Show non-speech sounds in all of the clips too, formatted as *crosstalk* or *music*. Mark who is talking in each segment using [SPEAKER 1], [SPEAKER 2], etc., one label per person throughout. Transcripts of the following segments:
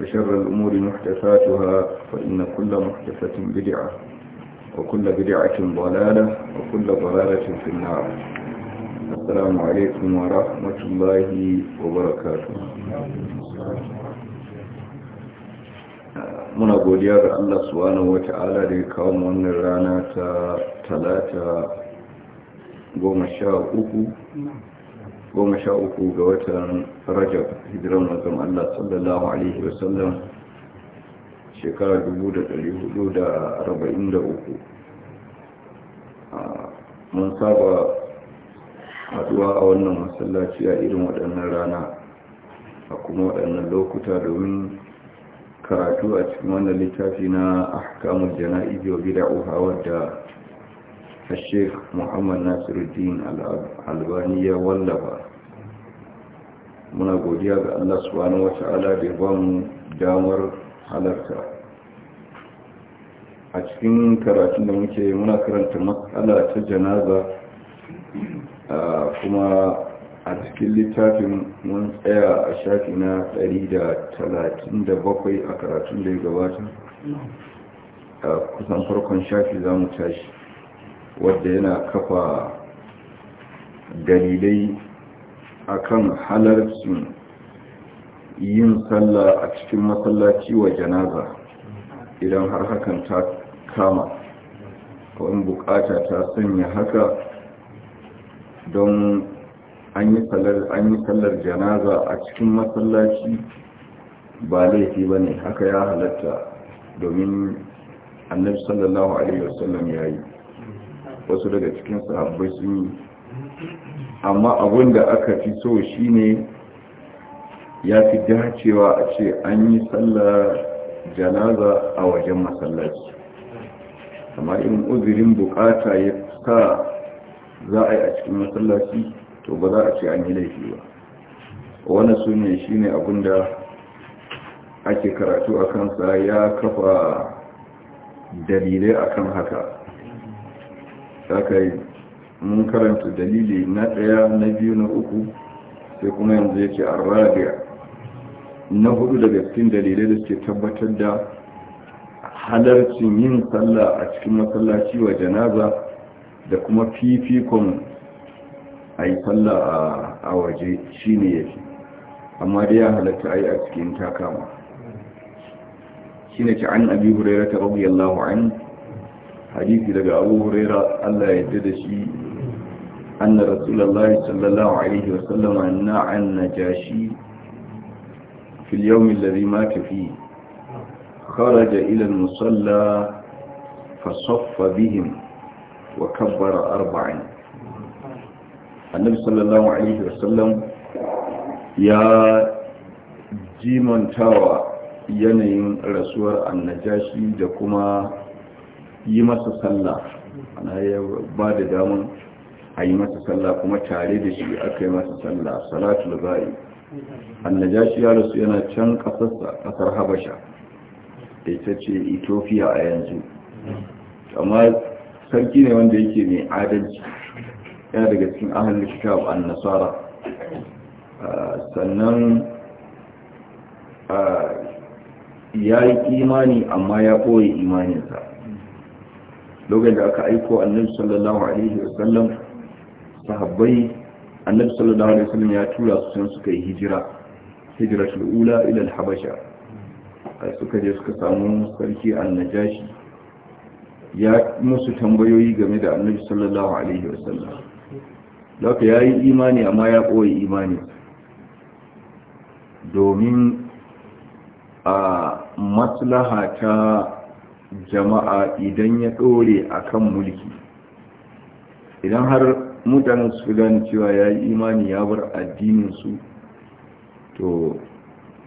[SPEAKER 1] وشر الأمور محدثاتها فإن كل محدثة بدعة وكل بدعة ضلالة وكل ضلالة في النار السلام عليكم ورحمة الله وبركاته muna godiya ga Allah subhanahu wata'ala da ya kawo mu wannan rana ta talata goma sha uku goma sha uku ga watan rajab hijiran mazan allah sallallahu alaihi wasallam shekara 1443 mun saba haduwa a wannan masallaci a irin waɗannan rana a kuma waɗannan lokuta domin karatu a cikin wannan littafi na ahkamul jana'iz wa uha wadda الشيخ محمد ناصر الدين ya wallafa. muna godiya ga Allah subhanahu ta'ala da ya ba mu damar halarta a cikin karatun da muke muna karanta matsala ta janaza kuma a cikin littafin mun tsaya a shafi na bakwai a karatun da ya gabata a kusan farkon shafi za mu tashi wadda yana kafa dalilai akan halarcin yin sallah a cikin masallaci wa janaza idan har hakan ta kama kawai bukata ta sanya haka don an yi salar janaza a cikin masallaci ba laifi ba ne haka ya halatta domin annabi sallallahu alaihi wasallam ya yi wasu daga cikin sahabbai sun yi amma abin da aka fi so shine ya fi dacewa a ce an yi sallar janaza a wajen masallaci amma in uzurin bukata ya sa za a yi a cikin masallaci to ba za a ce an yi laifi ba wani su ne shi ne abinda ake karatu a kansa ya kafa dalilai akan haka mun karanta dalili na ɗaya na biyu na uku sai kuma yanzu yake arrabiya na hudu daga cikin dalilai da suke tabbatar da halarcin yin sallah a cikin masallaci wa janaza da kuma fifikon a yi sallah a waje shi shine yake amma dai ya halatta a yi a cikin takama shine ci an abi hurera ta rabu yallahu an hadisi daga abu hurera allah ya yadda da shi أن رسول الله صلى الله عليه وسلم أنع عن النجاشي في اليوم الذي مات فيه خرج إلى المصلى فصف بهم وكبر أربعا النبي صلى الله عليه وسلم يا جيمن تاوى yanayin rasuwar annajashi da kuma yi masa sallah ana ya ba da damun a yi masa sallah kuma tare da shi aka yi masa sallah salatul ba'i annajashi ya rasu yana can kasar habasha da ita ce ethiopia a yanzu amma sarki ne wanda yake mai adalci yana daga cikin ahalin kitab an nasara ah, sannan ah, ya yi imani amma ya koyi imaninsa lokacin da aka aiko annabi sallallahu alaihi wasallam sahabbai annabi sallallahu alaihi wasallam ya tura su sun suka yi hijira hijratul ula ila al-habasha suka je suka samu sarki Najashi. ya musu tambayoyi game da annabi sallallahu alaihi wasallam lokaci ya imani amma ya ɓoye imani domin a maslaha ta jama'a idan ya dore a kan mulki idan har mutanen su gane cewa ya yi imani ya bar addinin su to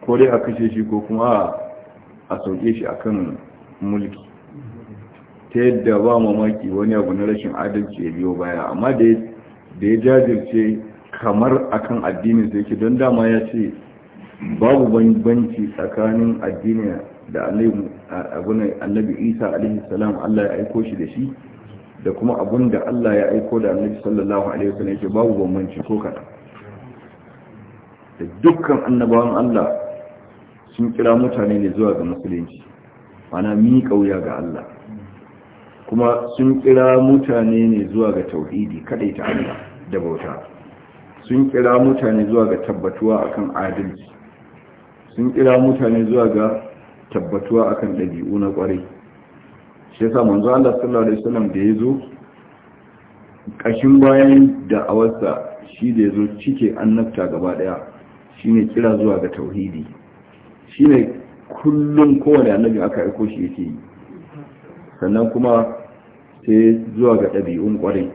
[SPEAKER 1] ko dai a kashe shi ko kuma a sauke shi akan mulki ta yadda ba mamaki wani abu na rashin adalci ya biyo baya amma da ya jajirce kamar akan addinin sai ke don dama ya ce babu banbanci tsakanin addini da annabi isa alaihi salam Allah ya aiko shi da shi da kuma abun da Allah ya aiko da annabi sallallahu alaihi wasallam yake babu bambanci ko kada da dukkan annabawan Allah sun kira mutane ne zuwa ga musulunci ana mi kauya ga Allah kuma sun kira mutane ne zuwa ga tauhidi kadai ta Allah da bauta sun kira mutane zuwa ga tabbatuwa akan adalci sun kira mutane zuwa ga tabbatuwa akan dabi'u na kwarai. shi yasa manzo Allah sallallahu alaihi wasallam da yazo kashin bayan da awarsa shi da yazo cike annabta gaba daya shine kira zuwa ga tauhidi shine kullum kowane annabi aka aiko shi yake yi sannan kuma sai zuwa ga ɗabi'un kwarai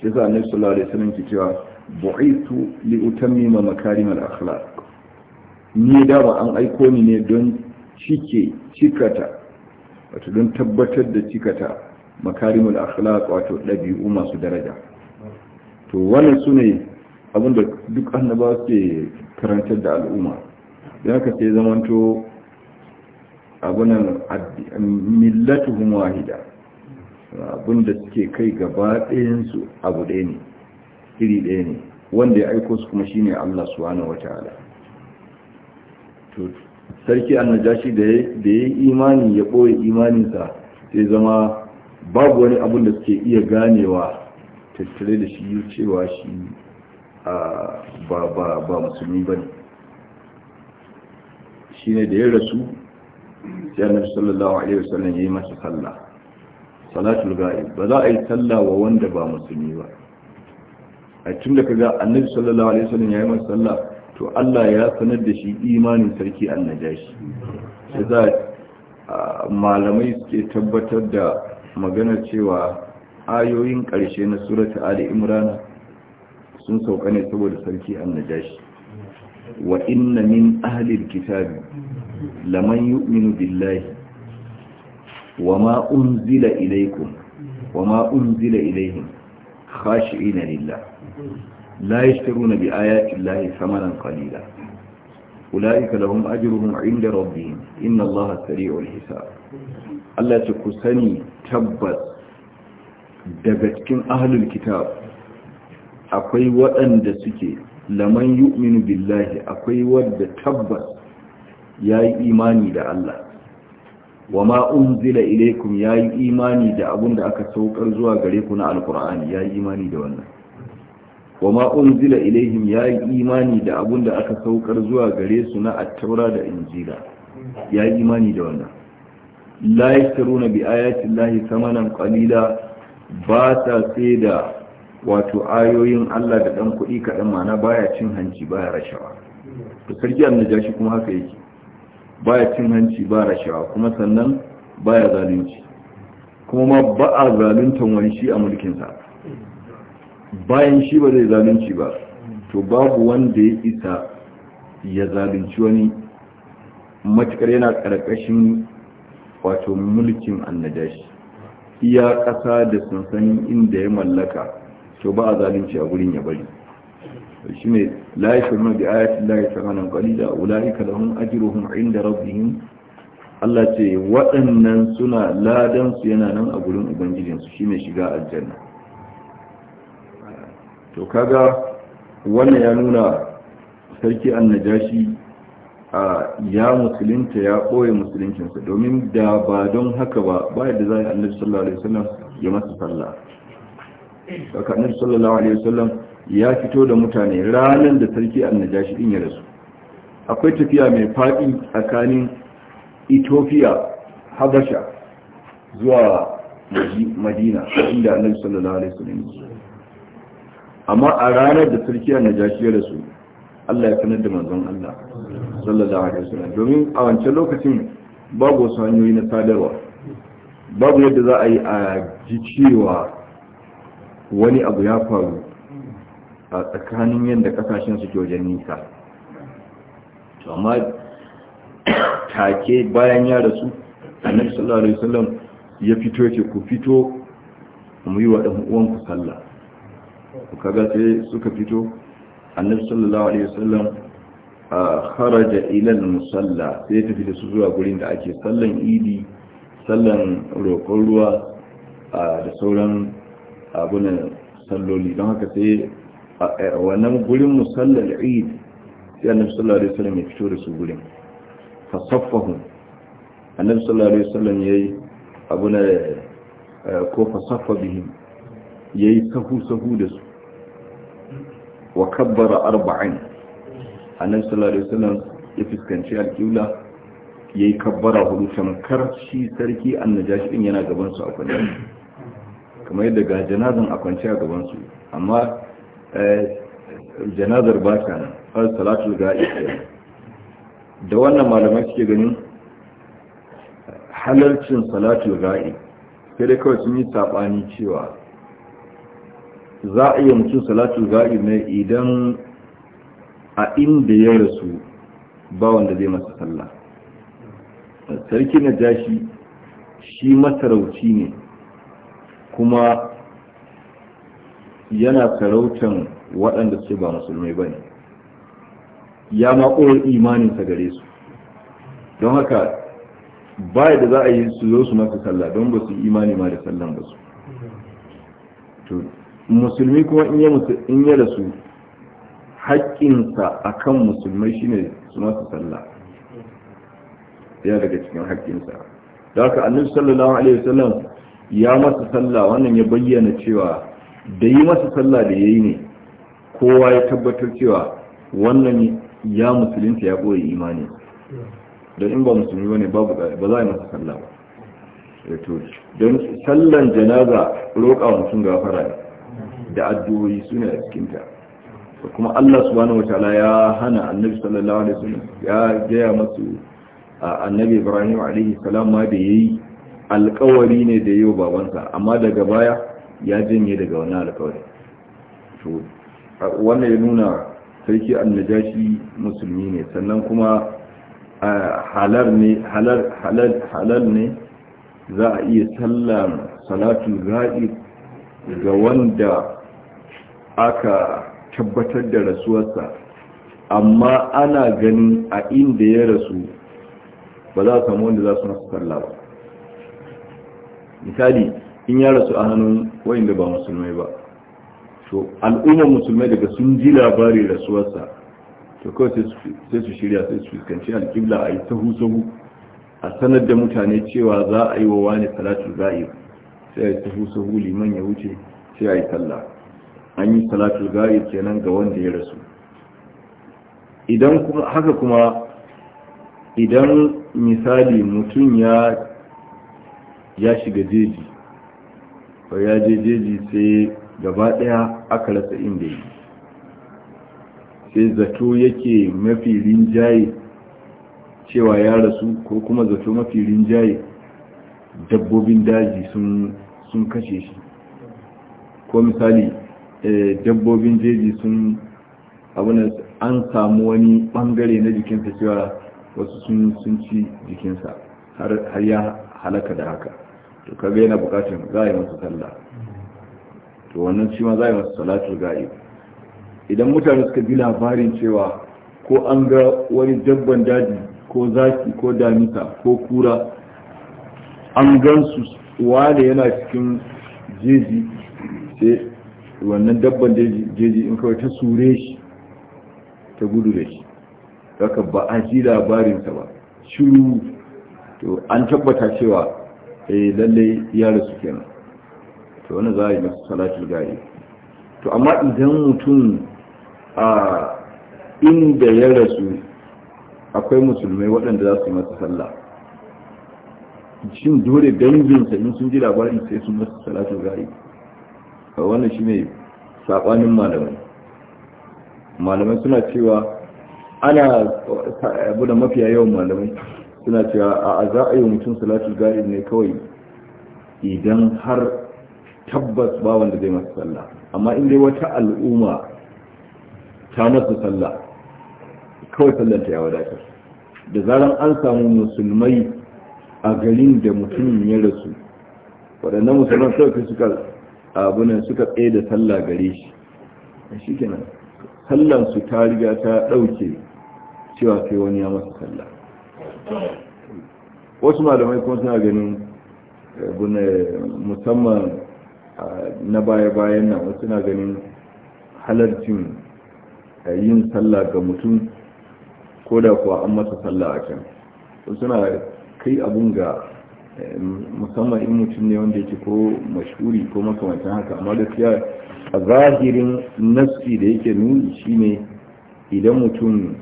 [SPEAKER 1] shi yasa annabi sallallahu alaihi wasallam ke cewa bu'itu li utammima makarimal akhlaq ni da ba an aiko ni ne don cike cikata wato don tabbatar da cikata makarimul akhlaq wato ɗabi'u masu daraja to wannan su ne abinda duk annaba ke karantar da al'umma da haka sai zamanto abunan millatuhum wahida abinda suke kai gaba ɗayansu abu ɗaya ne iri ɗaya ne wanda ya aiko su kuma shine Allah subhanahu wataala to sarki annajashi da ya yi imani ya ɓoye imaninsa sai zama babu wani abin da suke iya ganewa tattare da shi cewa shi ba musulmi ba ne shi ne da ya rasu sai annabi sallallahu alaihi wasallam ya yi masa salla salatul ga'ib ba za a yi salla wa wanda ba musulmi ba a tun da kaga annabi sallallahu alaihi wasallam ya yi masa sallah to Allah ya sanar da shi imanin sarki annajashi shi za malamai suke tabbatar da maganar cewa ayoyin ƙarshe na surata ali imrana sun sauka ne saboda sarki annajashi wa inna min ahlil kitabi laman yu'minu billahi wa ma unzila ilaykum wa ma unzila ilayhim khashi'ina lillah لا يشترون بآيات الله ثمنا قليلا أولئك لهم أجرهم عند ربهم إن الله سريع الحساب الله تكسني تبت دبتكن أهل الكتاب أقوي وأن دسكي لمن يؤمن بالله أقوي ود تبت يا إيماني دا الله وما أنزل إليكم يا إيماني دا أبن دا أكسوك أرزوا غريقنا القرآن يا إيماني دا والله wa ma unzila ilaihim ya yi imani da abun da aka saukar zuwa gare su na attaura da injila ya yi imani da wannan la yashtaruna bi ayati llahi samanan qalila ba ta sai da wato ayoyin Allah da dan kuɗi kaɗan mana baya cin hanci baya rashawa to sarki annaja shi kuma haka yake baya cin hanci ba rashawa kuma sannan baya zalunci kuma ma ba a zaluntan wani shi a mulkinsa bayan shi ba zai zalunci ba to babu wanda ya isa ya zalunci wani matukar yana karkashin wato mulkin annajashi iya kasa da sansanin inda ya mallaka to ba a zalunci a gurin ya bari shi ne laifin mai da ayatun laifin hannun kwalida a wula'ika da hun ajiruhun inda rabbihin Allah ce waɗannan suna ladansu yana nan a gurin ubangijinsu shi ne shiga aljanna to kaga wannan ya nuna sarki annajashi ya musulunta ya ɓoye musuluncinsa domin da ba don haka ba ba yadda za a yi annabi sallallahu alaihi wasallam ya masa sallah saka annabi sallallahu alaihi wasallam ya fito da mutane ranar da sarki annajashi din ya rasu akwai tafiya mai faɗi tsakanin ethiopia habasha zuwa madina inda annabi sallallahu alaihi wasallam amma a ranar da sarki a jashi da su Allah ya sanar da manzon Allah sallallahu alaihi wasallam domin a wancan lokacin babu wasu hanyoyi na sadarwa babu yadda za a yi a ji wani abu ya faru a tsakanin yadda kasashen suke wajen nisa amma take bayan ya rasu annabi sallallahu alaihi wasallam ya fito yake ku fito mu yi wa ɗan uwanku sallah kaga sai suka fito annabi sallallahu alaihi wasallam kharaja ila al-musalla sai ya tafi da su zuwa gurin da ake sallan idi sallan roƙon ruwa da sauran abunan salloli don haka sai wannan gurin musallar eid sai annabi sallallahu alaihi wasallam ya fito da su gurin fasaffahu annabi sallallahu alaihi wasallam yayi abuna eh, ko fasaffa bihim yayi sahu sahu da su wa kabbara arba'in annabi sallallahu alaihi wasallam ya fuskanci alƙibla yayi kabbara hudu tamkar shi sarki annajashi din yana gaban su a kwance kamar yadda ga janazan a kwance a gaban su amma eh, janazar ba ta nan har salatu ga da wannan malamai suke ganin halarcin salatu ga'i sai dai kawai sun yi saɓani cewa za a iya mutum salatu ga'i ne idan a inda ya rasu ba wanda zai masa sallah sarki na jashi shi masarauci ne kuma yana sarautan waɗanda su ba musulmai ba ne ya maƙowar imaninsa gare su don haka ba da za a yi su zo su masa sallah don ba su imani ma da sallan ba su musulmi kuma in ya rasu haƙƙinsa a kan musulmai shine su masu sallah ya daga cikin haƙƙinsa da haka annabi sallallahu alaihi wasallam ya masa sallah wannan ya bayyana cewa da yi masa sallah da ya yi ne kowa ya tabbatar cewa wannan ya musulunta ya ɓoye imani don in ba musulmi ba ne ba za a yi masa sallah ba don sallan janaza roƙa mutum gafara ne da addu'o'i suna a cikinta da kuma Allah subhanahu ta'ala ya hana annabi sallallahu alaihi wasallam ya gaya masu annabi Ibrahim alaihi salam ma da yayi alƙawari ne da yau babansa amma daga baya ya janye daga wannan alƙawari to wannan ya nuna sarki annajashi musulmi ne sannan kuma halar ne halal halal ne za a iya sallar salatul ghaib ga wanda aka tabbatar da rasuwarsa amma ana ganin a inda ya rasu ba za a samu wanda za su masu sallah ba misali in ya rasu a hannun wayanda ba musulmai ba to al'ummar musulmai daga sun ji labarin rasuwarsa to kawai sai su shirya sai su fuskanci alƙibla a yi sahu-sahu a sanar da mutane cewa za a yi wa wani salatu za'i sai a yi sahu-sahu liman ya wuce sai a yi sallah an yi salatul ga'ib kenan ga wanda ya rasu idan haka kuma idan misali mutum ya ya shiga jeji ko ya je jeji sai gaba daya aka rasa inda yi sai zato yake mafi rinjaye cewa ya rasu ko kuma zato mafi rinjaye dabbobin daji sun kashe shi ko misali Eh, dabbobin jeji sun abinan an samu wani bangare na jikinsa cewa wasu sun ci jikinsa har ya halaka da haka to kaga yana bukatun za a yi masa sallah to wannan shi ma za a yi masa salatul idan mutane suka ji labarin cewa ko an ga wani dabban daji ko zaki ko damisa ko kura an gan su wane yana cikin jeji sai wannan dabban jeji in kawai ta sure shi ta gudu da shi daga ba a ji labarinsa ba shiru to an tabbata cewa eh lalle ya rasu kenan to wannan za a yi masa salatul gari to amma idan mutum a inda ya rasu akwai musulmai waɗanda za su yi masa sallah shin dole danginsa in sun ji labarin sai sun masa salatul gari wannan shi ne saɓanin malamai malamai suna cewa ana abu da mafiya yawan malamai suna cewa a za a yi mutum salatul gari ne kawai idan har tabbas ba wanda zai masa sallah amma in dai wata al'umma ta masa sallah kawai sallanta ya wadatar da zaran an samu musulmai a garin da mutumin ya rasu waɗannan musulman sauƙi suka abunan suka tsaye da sallah gare shi shi kenan sallansu ta riga ta ɗauke cewa sai wani ya masa sallah wasu malamai kuma suna ganin eh, musamman na baya-bayan nan wasu suna ganin halarcin eh, yin sallah ga mutum ko da kuwa an masa sallah a can suna kai abun ga musamman in mutum ne wanda yake ko mashuri ko makamancin haka amma gaskiya a zahirin nafsi da yake nuni shine idan mutum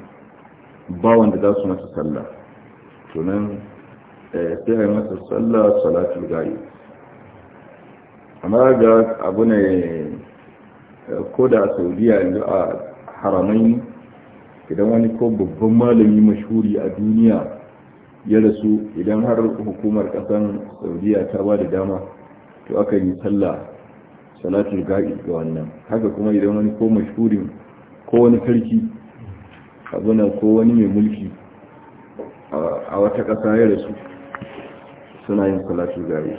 [SPEAKER 1] ba wanda za su masa sallah to eh, sai a yi masa sallah salatul gari, amma ga abu ne eh, ko da saudiya yanzu a haramai idan wani ko babban malami mashuri a duniya ya rasu idan har hukumar kasan saudiya ta ba da dama to aka yi sallah salatul gaib ga wannan haka kuma idan wani ko mashhurin ko wani sarki abuna ko wani mai mulki a wata kasa ya rasu suna yin salatul gaib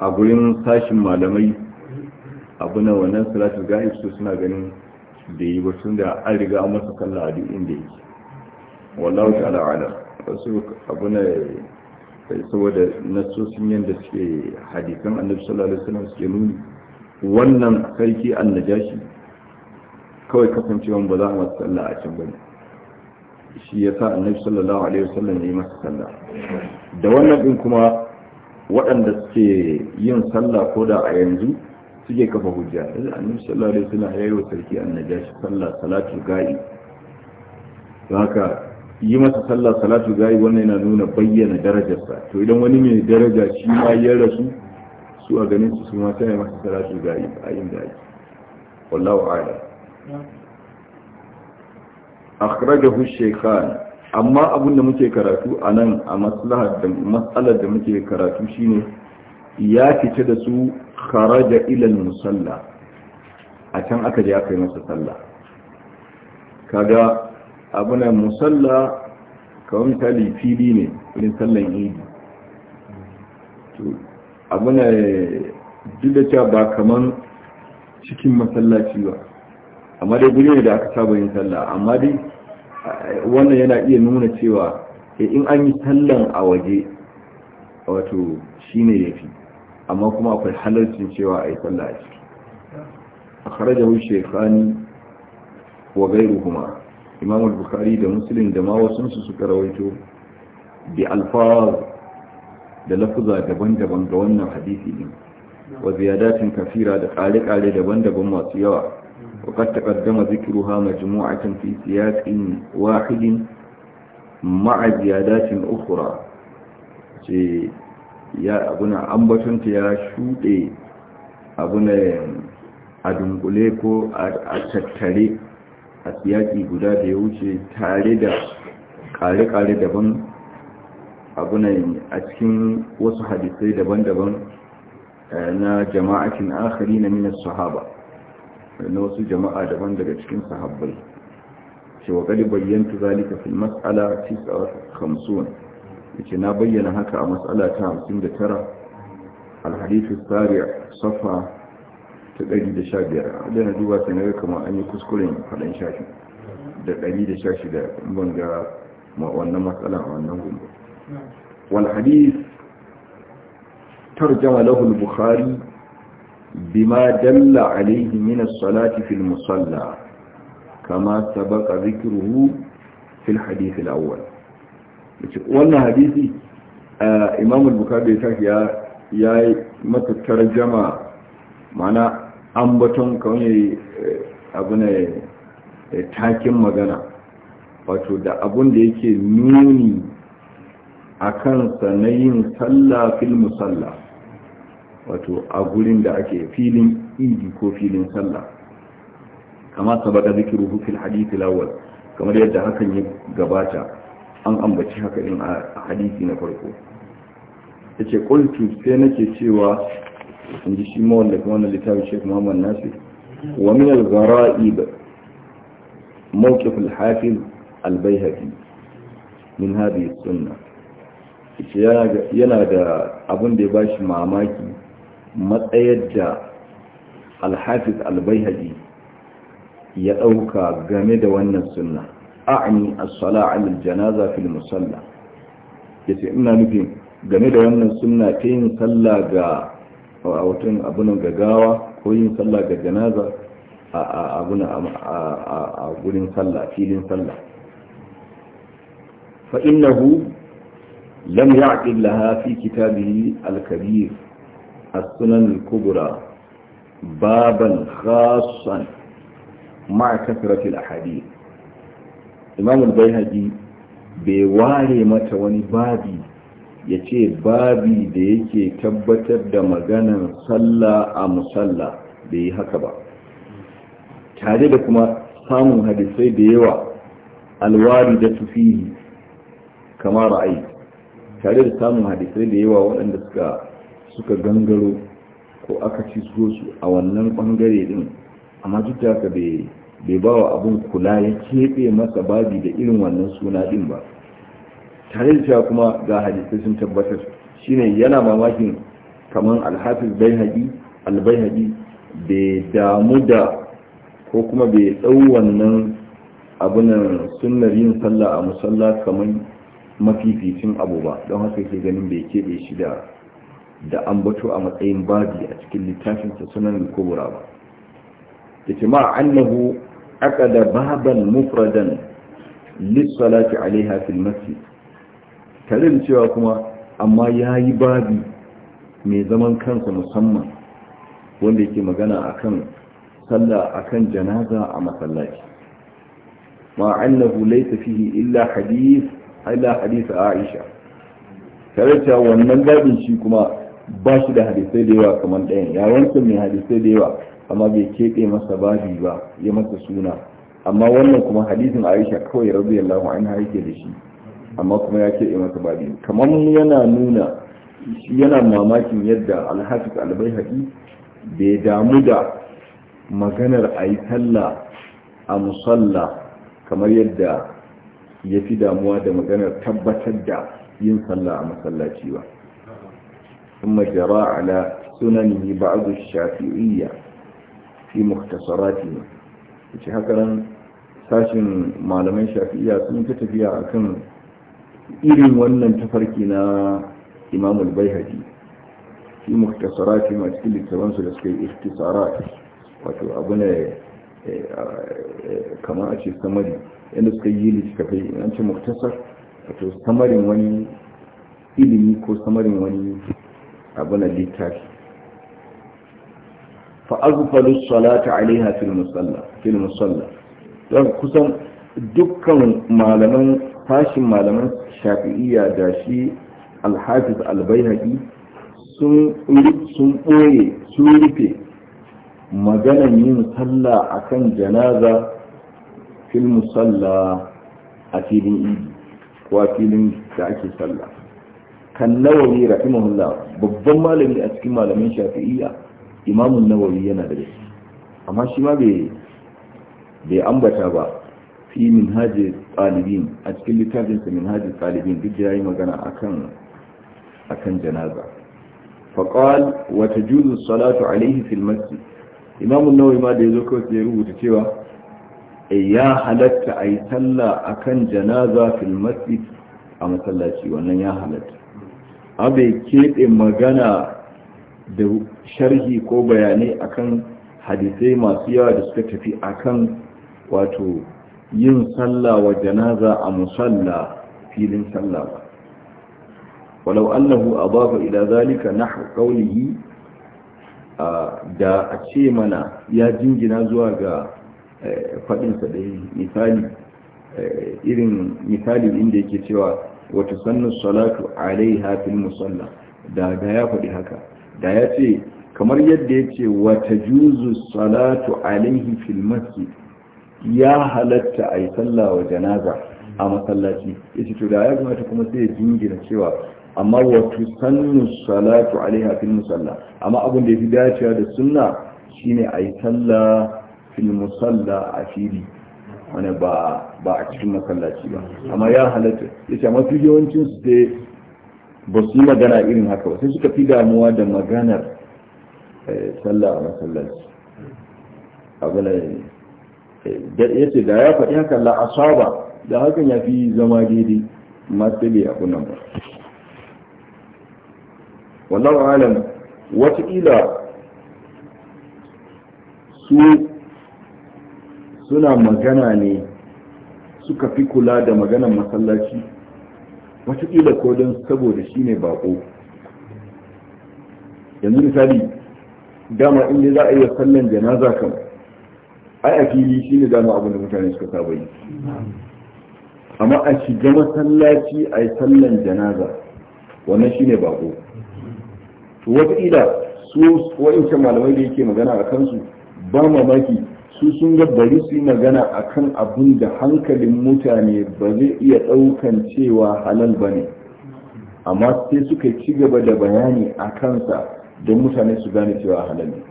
[SPEAKER 1] a gurin sashin malamai abuna wannan salatul gaib su suna ganin da yi wasu da an riga masa kalla a duk inda yake wallahu ta'ala alam wasu abu ne eh, saboda nasosin yadda suke hadisan annabi sallallahu alaihi wasallam suke nuni wannan sarki annajashi kawai kasancewan ba za a masa sallah a can bane shi ya sa annabi sallallahu alaihi wasallam ya yi masa sallah da wannan din kuma waɗanda suke yin sallah ko da a yanzu suke kafa hujja yanzu annabi sallallahu alaihi wasallam ya yi wa sarki annajashi sallah salatul ga'i don haka yi masa sallah salatu gayi wannan yana nuna bayyana darajarsa to idan wani mai daraja shi ma ya rasu su a ganin su su ma yi masa salatu gayi a inda ake wallahu a'lam akhrajahu shaykhan amma abin da muke karatu a nan a matsalar da muke karatu shine ya fita da su kharaja ilal musalla a can aka je aka yi masa sallah kaga Abu na musalla kawai misali fili ne wurin sallan idi Abu duk da cewa ba kaman cikin masallaci ba amma dai guri ne da aka saba yin sallah amma dai wannan yana iya nuna cewa eh, in an yi sallan a waje wato shi ne ya fi. amma kuma akwai halarcin cewa a yi sallah a ciki a wuce shekhani wa gairu kuma. imam al-bukhari da muslim da ma wasu su suka rawaito bi alfaz da lafuza daban-daban ga wannan hadisi din wa ziyadatin kafira da kare-kare daban-daban masu yawa وقد zikruha majmu'atan fi في سياق ma'a ziyadatin ukhra ce ya abuna ambatunta ya shuɗe abuna a ko a tattare a siyaki guda da ya wuce tare da ƙare-ƙare daban abunan a cikin wasu hadisai daban-daban eh, na jama'akin akhari na minas sahaba na wasu jama'a daban daga cikin sahabbai cewa gadi bayyantu zalika fil mas'ala 59 yace na bayyana haka a mas'ala ta 59 al tsari sabi' safa ta 115 da na duba sai naga kama an yi kuskuren faɗin shafi da 116 ban ga wannan matsala a wannan gumba wal hadith tarjama lahu al-bukhari بما دل عليه من الصلاة في المصلى كما سبق ذكره في الحديث الأول wannan hadisi imam al-bukhari ya ya mata tarjama mana ambaton kawai eh, abu ne eh, takin magana wato da abun da yake nuni a kansa na yin sallah fil musalla wato a gurin da ake filin idi ko filin sallah kama sabaka ruhu fil hadithi lawal kamar yadda hakan ya gabata an ambaci haka in a hadisi na farko ce qultu sai nake cewa inji shi ma wanda kuma na littafi shek muhammad nasir wa min al-gara'ib mawqif al-hafiz al-baihaqi min hadhihi sunna yana da abun da ya bashi mamaki matsayar da al-hafiz al ya dauka game da wannan sunna a'ni as-sala'a al-janaza fil musalla yace ina nufin game da wannan sunna ta yin sallah ga wato abunan gagawa ko yin sallah ga janaza a gurin sallah filin sallah fa innahu lam ya'qil laha fi kitabihi al-kabir as-sunan al-kubra baban khassan ma'a kasrati al-ahadith imam al-bayhaqi bai ware mata wani babi ya ce babi da yake tabbatar da maganan sallah a musalla da yi haka ba tare da kuma samun hadisai da yawa alwari da tufihi kamar ra'ayi tare da samun hadisai da yawa waɗanda suka suka gangaro ko aka ci su a wannan ɓangare ɗin amma duk da haka bai ba abin kula ya keɓe masa babi da irin wannan suna ɗin ba tare da kuma ga hadisai sun tabbatar shine yana mamakin kaman alhafiz bai albaihaqi bai damu da ko kuma bai tsau wannan abunan sunnar yin sallah a musalla kaman mafificin abu ba don haka yake ganin bai keɓe shi da da ambato a matsayin babi a cikin littafinsa sunan kubura ba yace ma annahu aqada baban mufradan lis salati alaiha fil masjid tare da cewa kuma amma ya yi babi mai zaman kansa musamman wanda yake magana akan sallah akan janaza a masallaci ma annahu laysa fihi illa hadith illa hadith Aisha tare da wannan babin shi kuma ba shi da hadisai da yawa kamar ɗayan ya wancan mai hadisai da yawa amma bai keɓe masa babi ba ya masa suna amma wannan kuma hadisin Aisha kawai rabu Yallahu an yake da shi amma kuma ya keɓe masa babi kamar yana nuna yana mamakin yadda alhafiz albaihaqi bai damu da maganar a yi sallah a musalla kamar yadda ya fi damuwa da maganar tabbatar da yin sallah a masallaci ba kuma jara ala sunanihi ba'adu shafi'iyya fi muhtasarati ne ce haka sashin malaman shafi'iyya sun fi tafiya akan irin wannan tafarki na imam al-baihaqi fi muktasarati ma cikin littafin su da suka yi ikhtisarat wato abu ne eh, eh, kamar a ce samari inda suka yi littafai an ce muktasar wato samarin wani ilimi ko samarin wani abu na littafi fa azfalu salata alaiha fil musalla fil musalla don kusan dukkan malaman fashin malaman shafi'iyya da shi alhafiz albaihaqi sun sun ɓoye sun rufe maganan yin sallah akan janaza fil musalla a filin idi ko a filin da ake sallah kan nawawi rahimahullah babban malami a cikin malamin shafi'iyya imamun nawawi yana da shi amma shi ma bai ambata ba fi a cikin littafinsa minhaji ɗalibin duk ya yi magana akan akan janaza faƙal wata juzu salatu alaihi fil masjid imamun nawawi ma da ya zo kawai sai rubuta cewa eh, ya halatta a yi sallah akan janaza fil a masallaci wannan ya halatta abai keɓe magana da sharhi ko bayanai akan hadisai masu yawa da suka tafi akan wato yin sallah wa janaza a musalla filin sallah ba walau annahu adafa ila zalika na qawlihi da a ce mana ya jingina zuwa ga eh, faɗinsa da misali eh, irin misali inda yake cewa wata sannan salatu alaiha fil musalla da ga ya faɗi haka da ya ce kamar yadda ya ce wata juzu salatu alaihi fil masjid ya halatta a yi sallah wa janaza a masallaci ya ce to da ya gamata kuma sai ya jingina cewa amma wato sannu salatu alaiha fil musalla amma abin da ya fi dacewa da sunna shine a yi sallah fil musalla a fili wani ba a cikin masallaci ba amma ya halatta ya ce mafi yawancin su sai ba su yi magana irin haka ba sai suka fi damuwa da maganar eh, sallah a masallaci abu ya ce da ya faɗi haka asaba da hakan ya fi zama daidai masu bai ya nan ba wannan alam watakila su suna magana ne suka fi kula da maganan masallaci watakila ko don saboda shi ne bako yanzu misali dama inda za a iya sallan janaza ai a fili shi ne dama abin da mutane suka saba yi amma a shiga masallaci a yi sallan janaza wannan shi ne bako to wataƙila su wa'incan malamai da yake magana a kansu ba mamaki su sun ga bari su yi magana a kan abin da hankalin mutane ba zai iya ɗaukan cewa halal ba ne amma sai suka ci gaba da bayani a kansa don mutane su gane cewa halal ne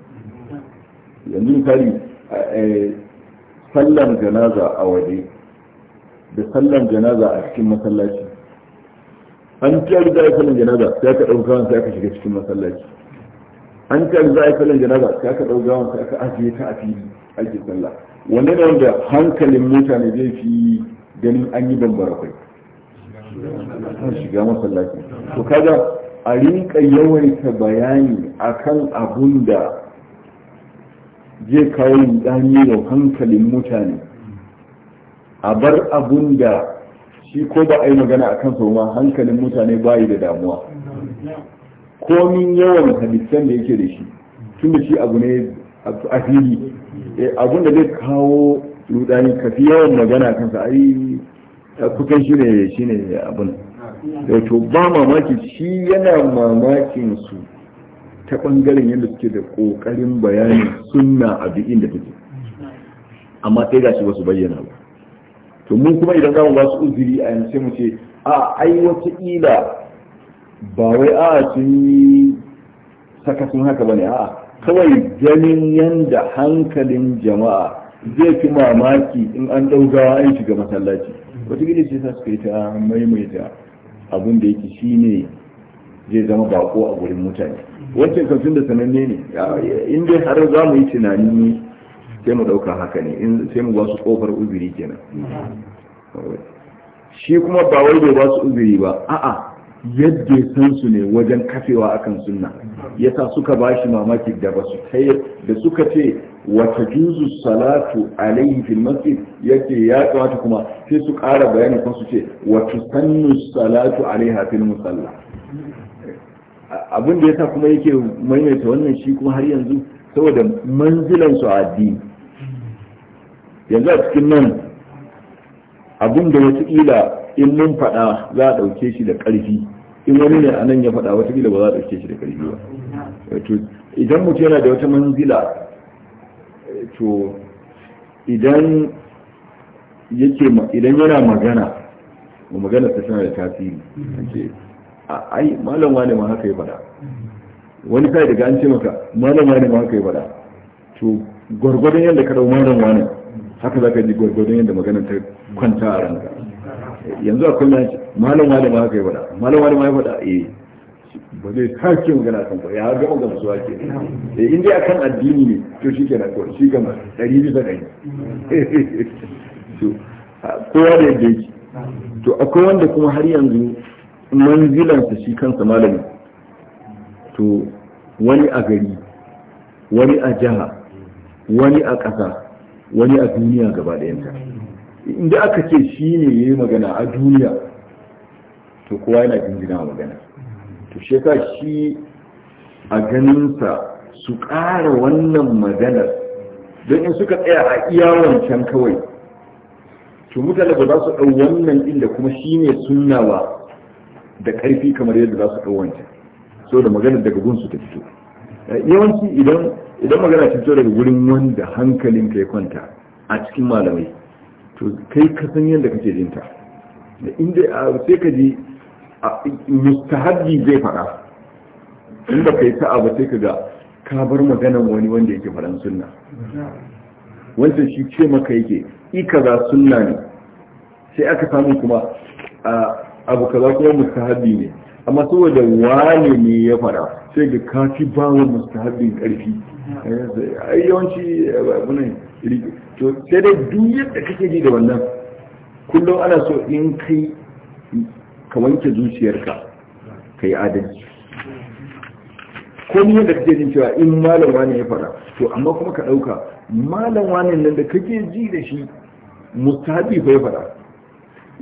[SPEAKER 1] yanzu misali sallan janaza a waje da sallan janaza a cikin masallaci an ci riga ya sallan janaza sai aka ɗauka wani sai aka shiga cikin masallaci an ci riga ya sallan janaza sai aka ɗauka wani sai aka ajiye ta a fili ake sallah wanda da wanda hankalin mutane zai fi ganin an yi bambara kai an shiga masallaci to kaga a rinka yawaita bayani akan abun da zai kawo linzami da hankalin mutane a bar abun da shi ko ba a yi magana a kansa ma hankalin mutane bayi da damuwa komin yawan hadisan da yake da shi tun da shi abu ne a fili eh, abun da zai kawo rudani ka fi yawan magana a kansa ai kukan shi ne shi ne abun
[SPEAKER 2] eh, to ba mamaki
[SPEAKER 1] shi yana mamakin su ta bangaren yadda suke da kokarin bayani sunna a duk inda take amma sai ga shi wasu bayyana ba to mun kuma idan zamu ba su uzuri a yanzu sai mu ce a ai wata ila ba wai a sun yi saka sun haka ne a kawai ganin yanda hankalin jama'a zai fi mamaki in an ɗaugawa an shiga masallaci wata gidan ce ta suka ta maimaita abin da yake shine zai zama bako a gurin mutane wancan kan da sananne ne in dai har za mu yi tunani sai mu ɗauka haka ne sai mu ba su ƙofar uzuri kenan shi kuma ba wai bai ba su uzuri ba a'a yadda ya san su ne wajen kafewa akan sunna yasa suka ba shi mamaki da ba su da suka ce wata juzu salatu alaihi fil masjid yake ya kamata kuma sai su kara bayani kan su ce wata sannu salatu alaiha fil musalla abin da sa kuma yake maimaita wannan shi kuma har yanzu saboda manzilan su a addini yanzu a cikin nan abin da wata ila in mun faɗa za a ɗauke shi da ƙarfi in wani ne a nan ya faɗa wata ila ba za a ɗauke shi da ƙarfi
[SPEAKER 2] ba
[SPEAKER 1] idan mutum yana da wata manzila to idan yake idan yana magana magana ta tana da tasiri ai malam wani ma haka ya bada? wani kai daga an ce maka malam wani ma haka ya bada? to gwargwadon yadda ka dau malam wani haka za ka ji gwargwadon yadda magana ta kwanta a ranka yanzu akwai na ce malam wani ma haka ya bada? malam wani ma ya bada? eh ba zai sake magana kan ba ya gama ga musuwa ke eh inda akan addini ne to shi ke na kawai shi gama ɗari bisa
[SPEAKER 2] ɗari
[SPEAKER 1] *laughs* kowa da yadda yake to akwai wanda kuma har yanzu manzilansa shi kansa malami to wani a gari wani a jiha wani a ƙasa wani a duniya gaba ɗayanta inda aka ce shi ne ya yi magana a duniya to kowa yana jinjina magana to shi shi a ganinsa su ƙara wannan maganar don in suka tsaya a iya wancan kawai to mutane ba za su ɗau wannan inda kuma shi ne sunna ba da ƙarfi kamar yadda za su ɗau wancan so da magana daga gunsu ta fito yawanci idan idan magana ta fito daga wurin wanda hankalin ka ya kwanta a cikin malamai to kai ka san yadda kake jin ta inda sai ka ji mustahabbi zai faɗa Inda kai ta ba sai ka ga ka bar maganan wani wanda yake faran sunna wancan shi ce maka yake ika za sunna ne sai aka samu kuma abu kaza kuma mustahabi ne amma saboda wane ne ya fara
[SPEAKER 3] sai ga kafi ba mustahabin karfi
[SPEAKER 1] ai yawanci abu ne to sai dai duk yadda kake ji da wannan kullum ana so in kai ka wanke zuciyarka ka yi adalci ko ni yadda kake jin cewa in malam wani ya fara to amma kuma ka ɗauka malam wani nan da kake ji da shi mustahabi fa ya fara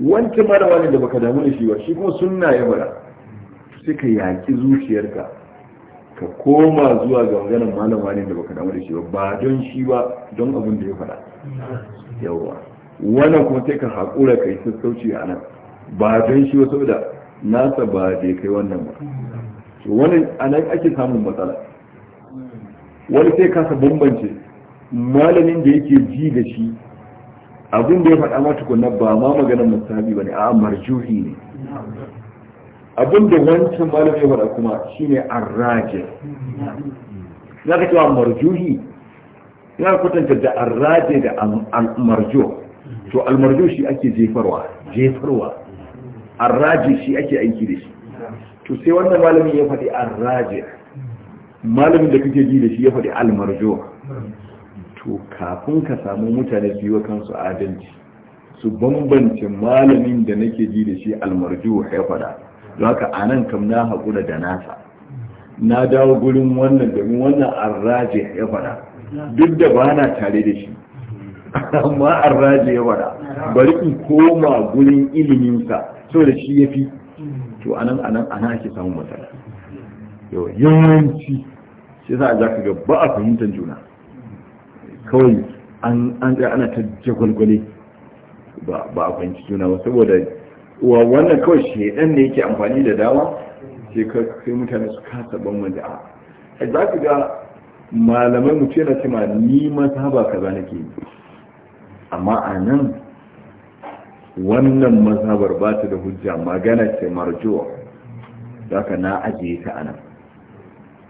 [SPEAKER 1] wancan mara wani da baka damu da shi ba shi kuma sunna ya bara sai ka yaki zuciyarka ka koma zuwa ga maganar malama wani da baka damu da shi ba ba don shi ba don abin da ya faɗa yawa wannan kuma sai ka haƙura ka yi sassauci a nan ba don shi ba saboda nasa ba da ya kai wannan ba wani a nan ake samun matsala wani sai kasa bambance malamin da yake ji da shi abin da ya faɗa ma tukunna ba ma maganar mustahabi bane a marjuhi ne abin da wancan malam ya faɗa kuma shine arraje za ka cewa marjuhi ya kwatanta da arraje da almarjo to almarjo shi ake jefarwa jefarwa arraje shi ake aiki da shi to sai wannan malamin ya faɗi arraje malamin da kake ji da shi ya faɗi almarjo to kafin ka samu mutane su yi wa kansu adalci su bambance malamin da nake ji da shi almarju ya faɗa don haka a nan kam na haƙura da nasa na dawo gurin wannan domin wannan arraji ya faɗa duk da ba na tare da shi amma arraji ya faɗa bari in koma gurin iliminsa da shi ya fi to a a nan, nan a nan ake samun matsala
[SPEAKER 2] yawanci
[SPEAKER 1] sai za a za ka ga ba a fahimtar juna kawai an tsaya ana ta jagwalgwale ba a fahimci juna ba saboda wa wannan kawai shaidan ne yake amfani da dama sai mutane su kasa ban wanda a za ka ga malamai mu ce na cima ni ni mazhaba kaza nake yi amma a nan wannan mazhabar ba ta da hujja magana ce marjuwa za ka na ajiye ta a nan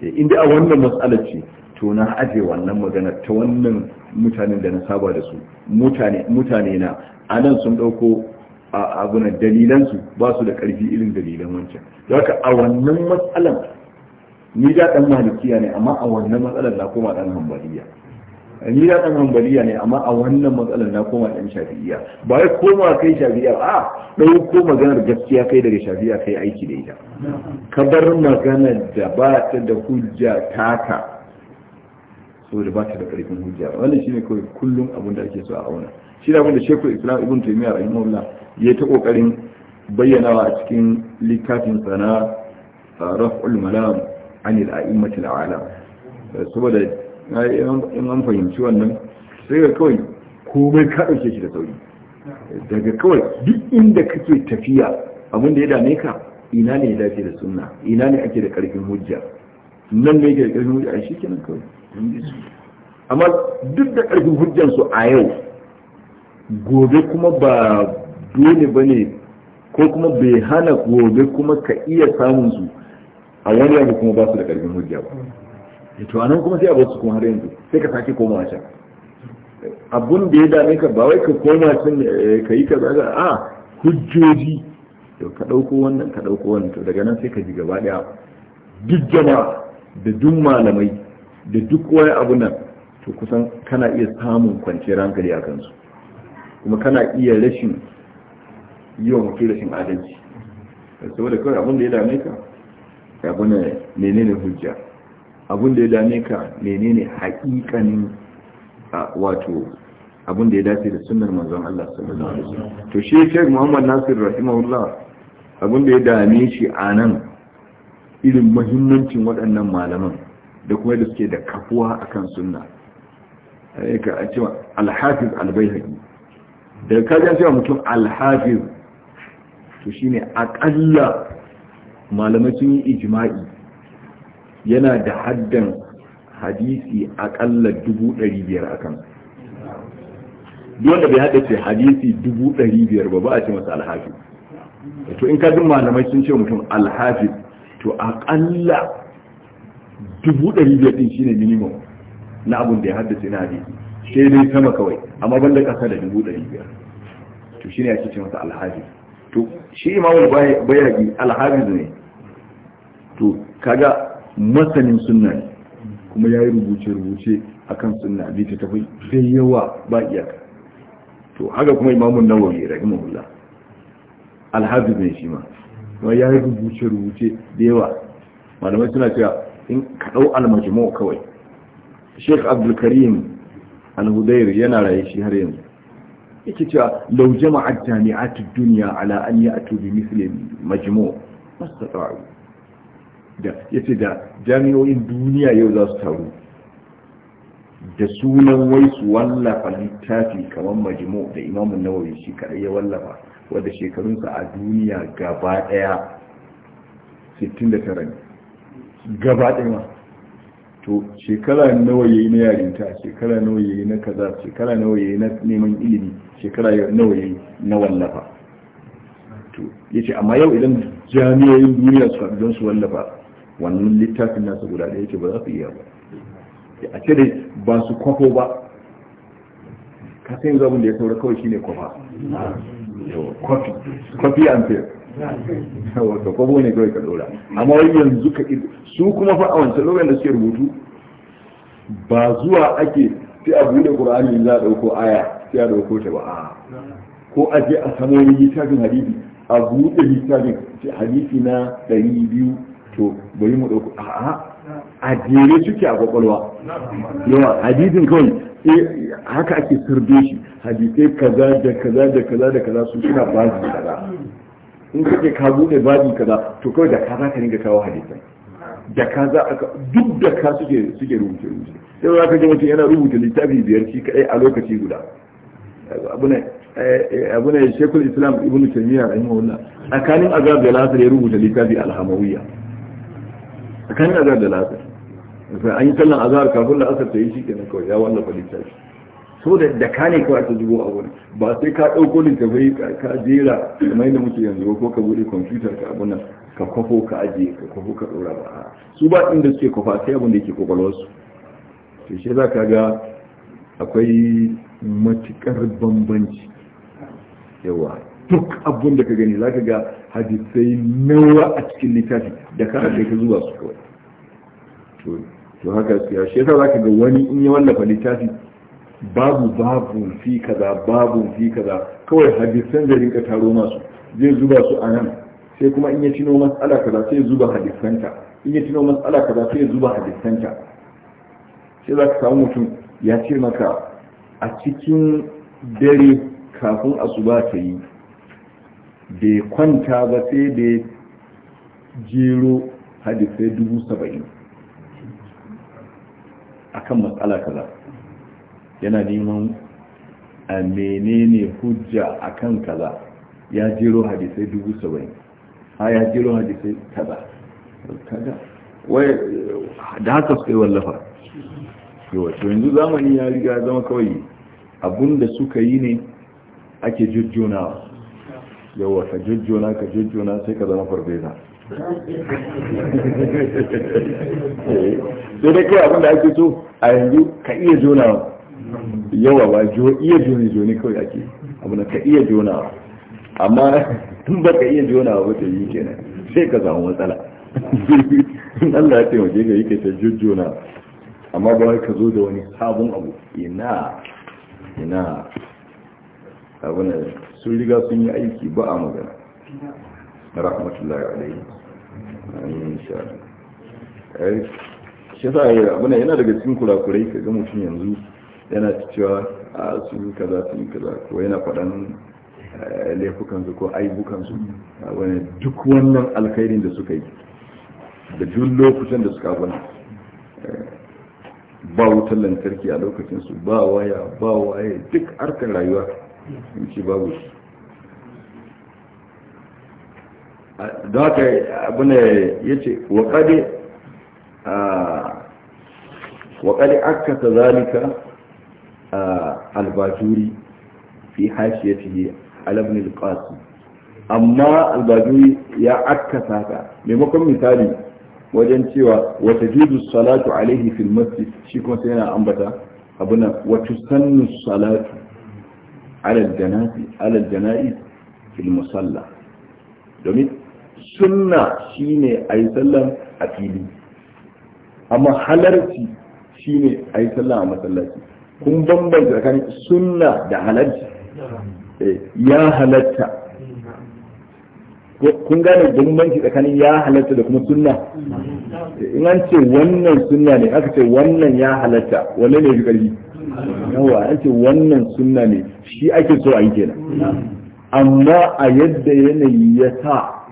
[SPEAKER 1] eh, inda a wannan matsalar ce to na aje wannan magana ta wannan mutanen da na saba da su mutane na a nan sun ɗauko abunan dalilansu ba su da ƙarfi irin dalilan wancan haka a wannan matsalan ni da dan malikiya ne amma a wannan matsalan na koma dan hambaliya ni da dan hambaliya ne amma a wannan matsalan na koma ɗan shafi'iya ba ya koma kai shafi'iya a ɗauko maganar gaskiya kai daga shafi'iya kai aiki da ita ka bar magana da ba ta da hujja taka saboda ba ta da karfin hujja ba, wannan shine kawai kullum abin da ake so a auna shi abin da shekul islam ibn taymiyyah rahimahullah ya ta kokarin bayyanawa a cikin littafin sana raf'ul malam anil a'immat al'alam saboda in an fahimci wannan sai ga kawai komai ka dauke shi da sauri daga kawai duk inda kake tafiya abin da ya dame ka ina ne ya dace da sunna ina ne ake da karfin hujja nan ne yake da karfin hujja shi kenan kawai amma duk da ƙarfin hujjansu a yau gobe kuma ba dole ba ne ko kuma bai hana gobe kuma ka iya samun su a wani yanzu kuma ba su da ƙarfin hujja ba eh, to anan kuma sai a basu kuma har yanzu sai ka sake a can abun da ya dame ka ba wai ka koma can eh, ka yi ka zaga a
[SPEAKER 3] hujjoji
[SPEAKER 1] to ka ɗauko wannan ka ɗauko wannan to daga nan sai ka ji gaba ɗaya duk jama'a da duk malamai da duk wani abu nan to kusan kana iya samun kwanciyar hankali a kansu kuma kana iya rashin yi wa mutum rashin adalci saboda kawai abin da ya dame ka abu ne menene hujja abin da ya dame ka menene haƙiƙanin wato abin da ya dace da sunan manzon Allah sallallahu alaihi wasallam to shi Sheikh Muhammad Nasir rahimahullah abin da ya dame shi anan irin muhimmancin waɗannan malaman da kuma da suke da kafuwa akan sunna suna eh, a cewa alhafiz albayhaqi da ka ji cewa mutum alhafiz to shine akalla malamai sun yi ijima'i yana da haddan hadisi akalla 500 akan wanda bai haɗa ce hadisi biyar ba ba a ce masa alhafiz to in ka ji malamai sun ce mutum alhafiz to aƙalla. dubu ɗari biyar ɗin shine minimum na abun da ya haddace na hadisi sai dai sama kawai amma ban da ƙasa da dubu ɗari biyar to shine ake ce masa alhaji to shi imamul bayhaqi alhaji ne to kaga masanin sunna ne kuma ya yi rubuce-rubuce a kan sunna bi ta tafi sai yawa ba iyaka to haka kuma imamun nawawi rahimahullah alhaji ne shi ma kuma ya yi rubuce-rubuce da yawa malamai suna cewa in ka ɗau almajimo kawai sheik abdulkarim al-hudair yana raye shi har yanzu yake cewa lau jama'ar jami'atun duniya ala an yi ato bi misli majimo masu tsaro da ya ce da jami'o'in duniya yau za su taru da sunan wai su wallafa littafi kamar majimo da imamun nawawi shi kaɗai ya wallafa wadda shekarunsa a duniya gaba ɗaya 69 ne gaba ɗaya to shekara nawa yayi na yarinta shekara nawa yayi na kaza shekara nawa yayi na neman ilimi shekara nawa yayi na wallafa to yace amma yau idan jami'an duniya su suka don su wallafa wannan littafin nasa guda ɗaya yace ba za su iya ba a ce dai ba su kwafo ba ka san yanzu abin da ya saura kawai shine kwafa kwafi kwafi an paste wato kwabo ne kawai ka dora amma wai yanzu ka su kuma fa a wancan lokacin da suke rubutu ba zuwa ake sai a buɗe qur'ani za a dauko aya sai a dauko ta ba a ko a je a samo littafin hadisi a buɗe littafin hadisi na ɗari biyu to bari mu dauko a'a
[SPEAKER 2] a jere
[SPEAKER 1] suke a kwakwalwa yawa hadisin kawai haka ake sirbe shi hadisai kaza da kaza da kaza da kaza su suna ba su kaza in kake ka bude babi kaza to kawai da ka za ka ringa kawo hadisai da ka za ka duk da ka suke suke rubuce rubuce sai za ka ji mutum yana rubuta littafi biyar shi kadai a lokaci guda abu ne eh, eh, shekul islam ibnu taymiya rahimahullah tsakanin azab da lasar ya rubuta littafi alhamawiyya tsakanin azab da lasar an yi sallan azhar kafin la'asar ta yi shi kenan kawai ya wallafa littafi so da da ka ne kawai ta zubo a wurin ba sai ka ɗauko ne ka jera kamar yadda muke yanzu ko ka buɗe computer ka abun nan ka kwafo ka ajiye ka kwafo ka ɗora ba su ba inda suke kwafa sai abin da yake su. to shi za ka ga akwai matukar bambanci yawa duk abin da ka gani za ka ga hadisai nawa a cikin littafi da ka kai ka zuba su kawai to haka su ya shi za ka ga wani in ya wallafa littafi babu babu fi kaza babu fi kaza kawai hadisan zai rinka taro masu zai zuba su a nan sai kuma in ya tino matsala kaza sai ya zuba hadisanta in ya tino matsala kaza sai ya zuba hadisanta sai za ka samu mutum ya ce maka a cikin dare kafin asuba ta yi bai kwanta ba sai da ya jero hadisai dubu saba'in akan matsala kaza yana neman a menene hujja akan kaza ya jero hadisai dubu saba'in ha ya jero hadisai kaza kaga wai da haka suka yi wallafa yawancin yanzu zamani ya riga zama kawai abinda suka yi ne ake jujjunawa yawa ka jujjuna ka jujjuna sai ka zama farfesa
[SPEAKER 2] *laughs* eh,
[SPEAKER 1] sai da kai abinda ake so a yanzu ka iya junawa yawa ba iya joni-joni kawai ake abu na ka iya jonawa amma tun *laughs* ba ka iya jona ba ta yi kenan sai ka samu matsala in *laughs* Allah ya taimake ka yi kai ta jujjona amma ba ka zo da wani sabon abu ina ina abu na sun riga sun yi aiki ba a magana rahmatullahi alaihi amin sha Allah shi sa yana daga cikin kurakurai ka ga mutum yanzu yana cewa a su yi kaza su yi kaza ko yana faɗan eh, laifukansu ko aibukansu wani duk wannan alkhairin da suka yi da duk lokutan da suka bana eh, ba wutar lantarki a lokacinsu ba waya ba waye duk harkar rayuwa in ce babu su don haka abin ya ce waƙade aka ta zalika al fi hashiyatihi al-ibn al amma al ya akkasa ta maimakon misali wajen cewa wata tajidu salatu alaihi fil masjid shi kuma sai yana ambata abuna wa salatu alal al fil musalla domin sunna shine ayi sallan a fili amma halarci shine ayi sallan a masallaci kun bambanta tsakanin sunna da halatta eh, ya halatta kun gane bambanci tsakanin ya halatta da kuma sunna eh, in an ce wannan sunna ne aka ce wannan ya halatta wanne ne fi karfi yawa an ce wannan sunna ne shi ake so a yi kenan amma a yadda yanayi ya sa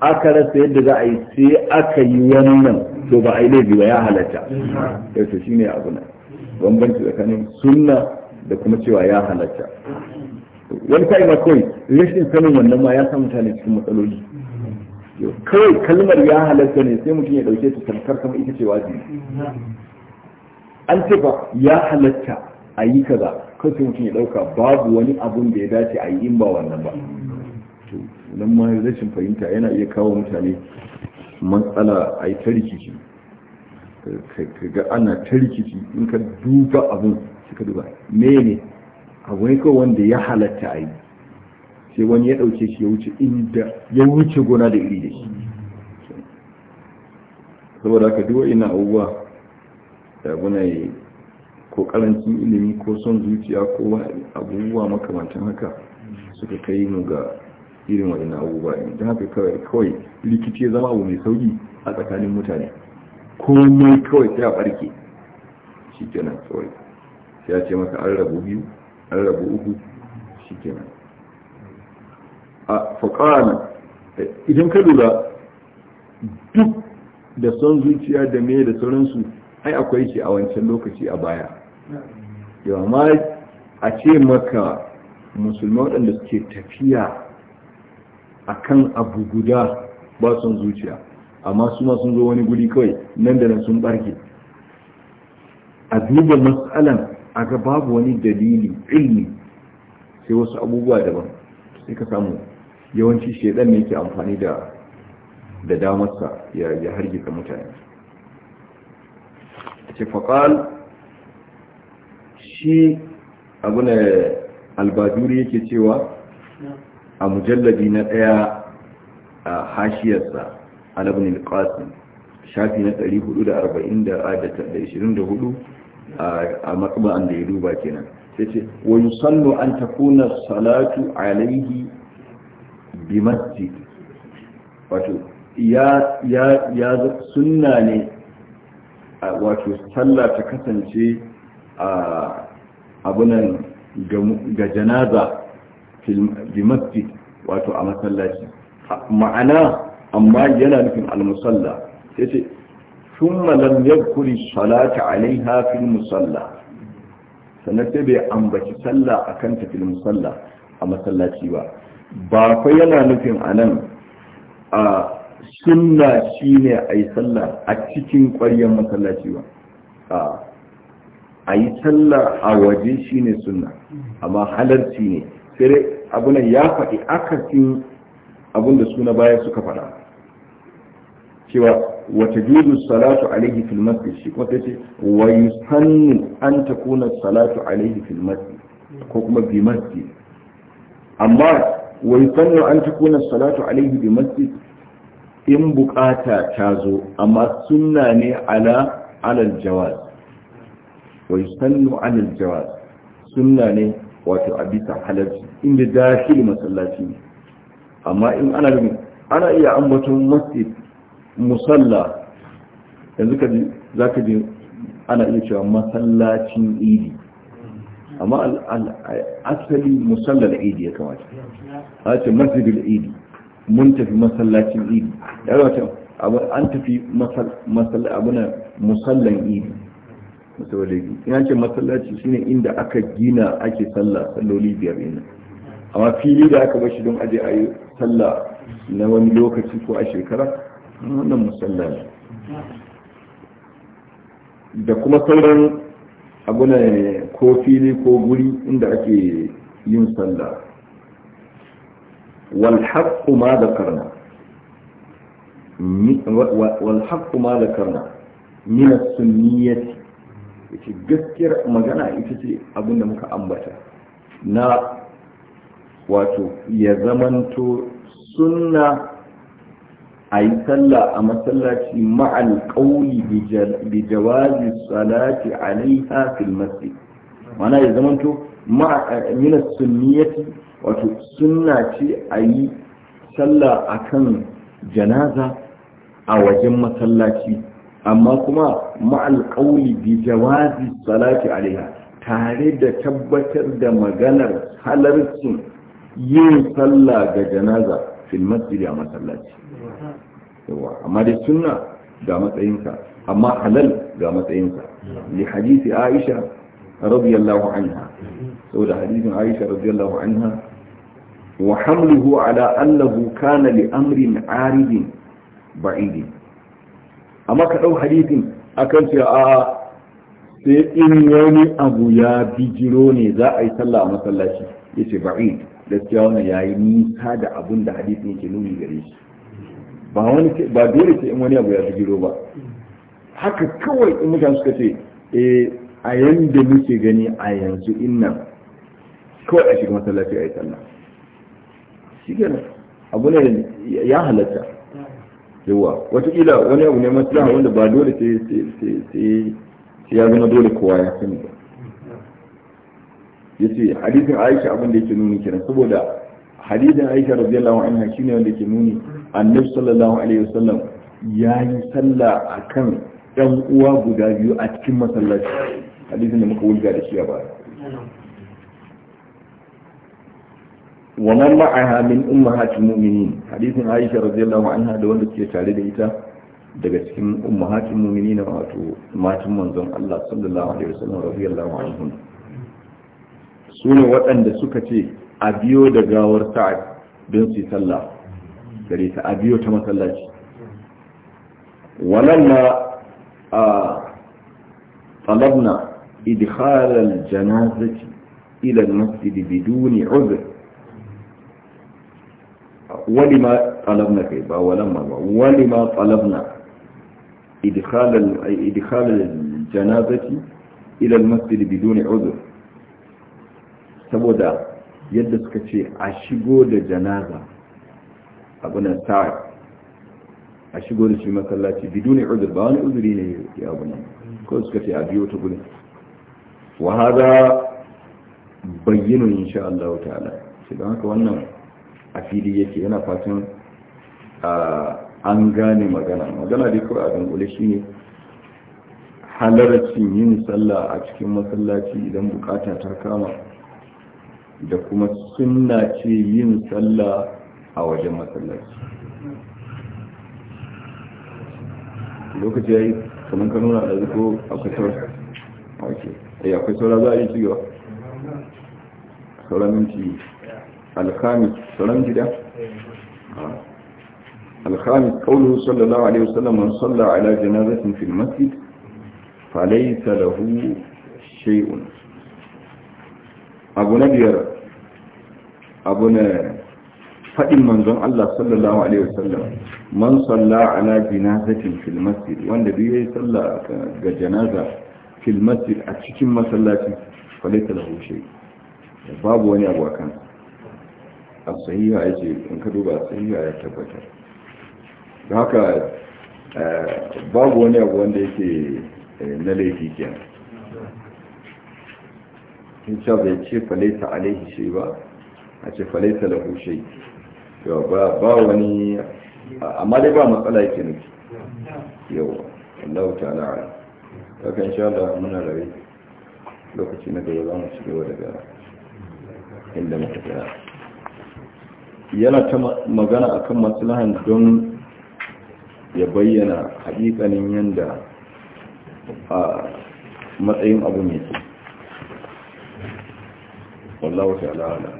[SPEAKER 1] aka rasa yadda za a yi sai aka yi wannan to ba a yi laifi ba ya halatta yau shi ne abu nan bambanci tsakanin sunna da kuma cewa ya halatta wani kai ma kawai rashin sanin wannan ma ya sa mutane cikin matsaloli kawai kalmar ya halatta ne sai mutum ya dauke ta tamkar kama ita ce wajibi an ce ba ya halatta a yi kaza kawai sai mutum ya dauka babu wani abun da ya dace a yi in ba wannan ba nan ma rashin fahimta yana iya kawo mutane matsala a yi ta rikici ka ga ana ta rikici in ka duba abin ka duba mene abu ne kawai wanda ya halatta a yi sai wani ya ɗauke shi ya wuce inda ya wuce gona da iri da shi saboda ka duwa ina abubuwa da guna yi ko karancin ilimi ko son zuciya ko abubuwa makamantan haka suka kai mu ga irin wani abubuwa don haka kawai rikici zama abu mai sauki a tsakanin mutane komai kawai sai barke shi ke nan kawai sai ya ce maka an rabu biyu an rabu uku shi ke nan. a faƙana idan ka lura duk da son zuciya da me da sauransu ai akwai shi a wancan lokaci a baya yawa ma a ce maka musulman waɗanda suke tafiya akan abu guda ba son zuciya amma su ma sun zo wani guri kawai nan da nan sun barke a duba matsalan aka babu wani dalili ilmi sai wasu abubuwa daban sai ka samu yawanci shaidan ne yake amfani da da damarsa ya hargitsa mutane ce shi abu albaduri yake cewa a mujalladi na ɗaya a hashiyarsa an ibn shafi na 440 a matsaban da ya duba kenan sai ce wa yusallu an takuna salatu alaihi bi masjid wato ya ya sunna ne wato sallah ta kasance a abunan ga janaza bi masjid wato a masallaci ma'ana amma yana nufin al-musalla yace thumma ya kuri salata alaiha fil musalla sannan sai bai ambaci sallah akan kan fil musalla a masallaci ba ba yana nufin nan a sunna shine ayi sallah a cikin ƙwaryar masallaci ba a yi sallah a waje shine sunna amma halarci ne sai abu ya faɗi akasin abin da suna baya suka faɗa cewa wata juzu salatu alaihi fil masjid shi kuma sai ce wa yusannu an takuna salatu alaihi fil masjid ko kuma bi masjid amma wa yusannu an takuna salatu alaihi bi masjid in bukata ta zo amma sunna ne ala alal jawaz wa yusannu alal jawaz sunna ne wato a bisa halarci inda dahil masallaci ne amma in ana ana iya ambaton masjid musalla yanzu ka za ka je ana iya cewa masallacin idi amma asali musallar idi ya kamata a ce masjidul idi mun tafi masallacin idi ya kamata an tafi abinan musallan idi Ya ce masallaci shine inda aka gina ake sallah salloli biyar ina amma fili da aka bashi don aje a yi sallah na wani lokaci ko a shekara wannan musalla ne da kuma sauran abu ne ko fili ko guri inda ake yin sanda, والحق ما da والحق ما ذكرنا gaskiyar magana ita ce abinda muka ambata na wato ya zamanto sunna a yi sallah a masallaci ma'al ƙauli bi jawazi salati alaiha fil masjid mana ya zamanto mina sunniyati wato sunna ce a yi sallah akan janaza a wajen masallaci amma kuma ma'al ƙauli bi jawazi salati alaiha tare da tabbatar da maganar halarcin yin sallah ga janaza fil masjidi a masallaci yawa amma dai sunna ga matsayinsa amma halal ga matsayinka li hadisi aisha radiyallahu anha saboda hadisin aisha radiyallahu anha wa hamluhu ala annahu kana li amrin aridin ba'idin amma ka dau hadisin akan cewa a sai in wani abu ya bijiro ne za a yi sallah a masallaci yace ba'id gaskiya wannan yi nisa da abin da hadisi yake nuni gare shi ba wani ba dole sai in wani abu ya bijiro ba
[SPEAKER 3] haka kawai in mutane
[SPEAKER 1] suka ce eh a yanda muke gani a yanzu inna kawai a shiga masallaci a yi sallah shi gana abu ne ya halatta yawa watakila wani abu ne maslaha wanda ba dole sai ya zama dole kowa ya sani ba yace hadisin Aisha abin da yake nuni kenan saboda hadisin Aisha radiyallahu anha shine wanda yake nuni Annabi sallallahu alaihi wasallam yayi sallah akan ɗan uwa guda biyu a cikin masallaci hadisin da muka wulga da shi a baya wa man ma'aha min ummahatil mu'minin hadisin Aisha radiyallahu anha da wanda ke tare da ita daga cikin ummahatil mu'minin wato matan manzon Allah sallallahu alaihi wasallam radiyallahu anhu su ne waɗanda suka ce a biyo da gawar sa'ad don su yi sallah gare ta a biyo ta masallaci walamma a talabna idkhal al-janazati ila al-masjid biduni udhr ولما saboda yadda suka ce a shigo da janaza abunan sa'ar a shigo da shi masallaci bidu ne uzur ba wani uzuri ne ya abu nan kawai suka ce a biyo ta gudun wa haza bayyano insha Allah ta'ala sai don haka wannan a fili yake yana fatan an gane magana magana da kawai a dangule shi ne halarci yin sallah a cikin masallaci idan bukata ta kama da kuma suna ce yin sallah a wajen masallaci lokaci ya yi kamar ka nuna da ziko akwai saura eh, saura za a yi cigaba abu na faɗin manzon Allah sallallahu Alaihi wasallam man salla ala jinazatin fil masjid wanda duk yi sallah ga janaza fil a cikin masallaci falaita da hushe babu wani abu kan. a ya yace in ka duba sahiya ya tabbatar da haka eh, babu wani abu wanda yake eh, na laifi kyan in sha bai ce falita alaihi shi ba a ce falaita da shay yawa ba wani amma dai ba matsala yake nufi yau Allah ta ala haka sha da muna rari lokaci na gaba za mu ci gaba daga inda muka tsaya yana ta magana a akan maslahan don ya bayyana haƙiƙanin yadda a matsayin abu mai ce wallahu ta'ala ala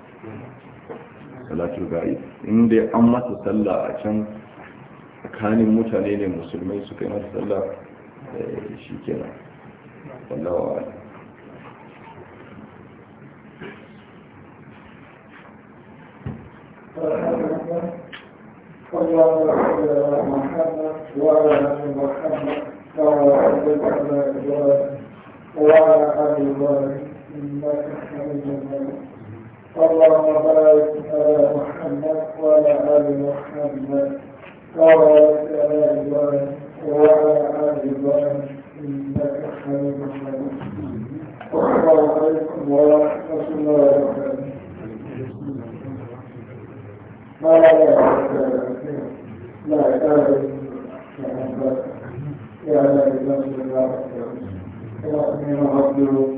[SPEAKER 1] salatul ga'ib in dai an masa sallah a can tsakanin mutane ne musulmai suka yi masa sallah eh, shi kenan wallawa wa'ala
[SPEAKER 3] صلى الله على محمد وعلى ال محمد وعلى ال محمد اللهم بارك على محمد وعلى آل محمد وبارك على إبراهيم وعلى آل إبراهيم إنك حميد مجيد والسلام عليكم ورحمة الله وبركاته ما لا لا تعرف يا لا إله إلا الله يا أمين عبده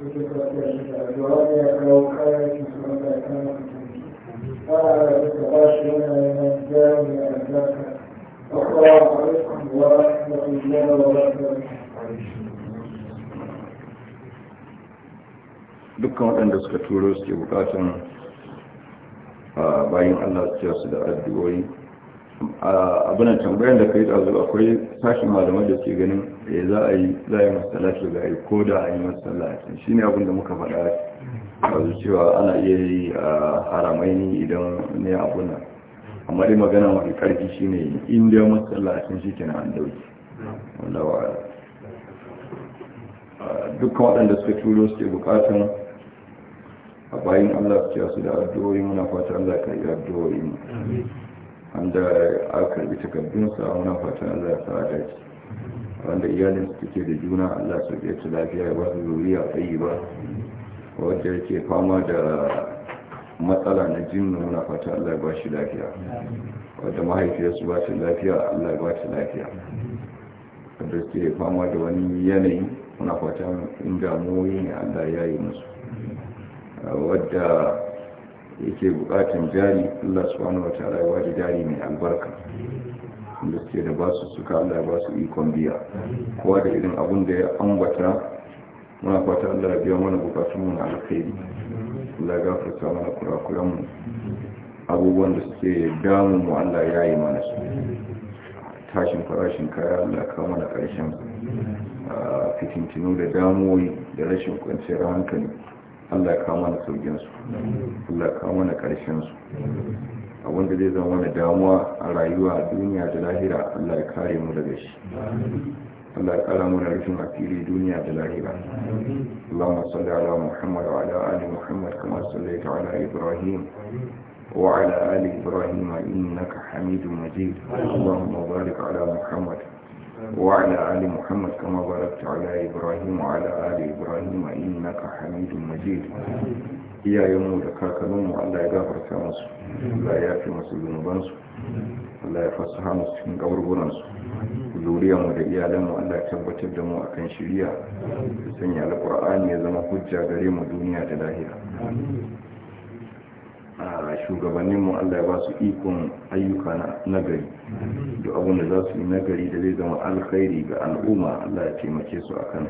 [SPEAKER 3] dukkan
[SPEAKER 1] waɗanda suka turo suke bukatan ah, bayan Allah su da addu'o'i abinan tambayar da ka yi akwai sashen malamai da ke ganin ya eh, za a yi za a yi ga yi ko da a yi masallaci shi ne abin muka faɗa ɗazu cewa ana iya yi a haramai ne idan ne abin nan amma dai magana mafi ƙarfi shi ne indiya masallacin shi kenan an dauki wanda wa dukkan waɗanda suka turo suke bukatan a bayan allah su da addu'o'i muna fata allah ka yi addu'o'i mu an da a karbi takardunsa wani fatan allah ya sa dace wanda iyalin su take da juna allah su ke lafiya ya ba su zuriya tsayi ba wadda yake fama da matsala na jinnu muna fata allah ya ba shi lafiya wadda mahaifiyarsu ba su lafiya allah ya ba ta lafiya wadda suke fama da wani yanayi muna fata in damuwoyi ne allah ya yi musu wadda yake bukatun jari Allah subhanahu wa ta'ala ya da jari mai albarka wanda suke da basu suka Allah ya su ikon biya kowa da irin abun da ya ambata muna fata Allah ya biya mana bukatun mu na alkhairi Allah ya gafarta mana kurakuran mu abubuwan da suke damun mu Allah ya yi mana su tashin farashin kaya Allah ka mana karshen ah, fitintinu da damuwoyi da rashin kwanciyar hankali Allah ya kawo mana saukin Allah ya mana karshen su abin da zai zama mana damuwa a rayuwa a duniya da lahira Allah ya kare mu daga shi Allah ya kara mana rufin asiri duniya da lahira Allahumma salli ala Muhammad wa ala ali Muhammad kama ta ala Ibrahim wa وعلى آل إبراهيم إنك حميد مجيد اللهم بارك ala Muhammad. وعلى آل محمد كما باركت على إبراهيم وعلى آل إبراهيم إنك حميد مجيد يا يوم ذكركم الله يغفر لهم الله يغفر لهم Allah ya fasaha musu cikin kaburburansu zuriyarmu da iyalanmu Allah ya tabbatar da mu akan shiriya da sanya alƙur'ani ya zama hujja gare mu duniya da lahiya. a shugabanninmu Allah ya ba su ikon ayyuka nagari da abun da za su yi nagari da zai zama alkhairi ga al'umma Allah ya taimake su a kan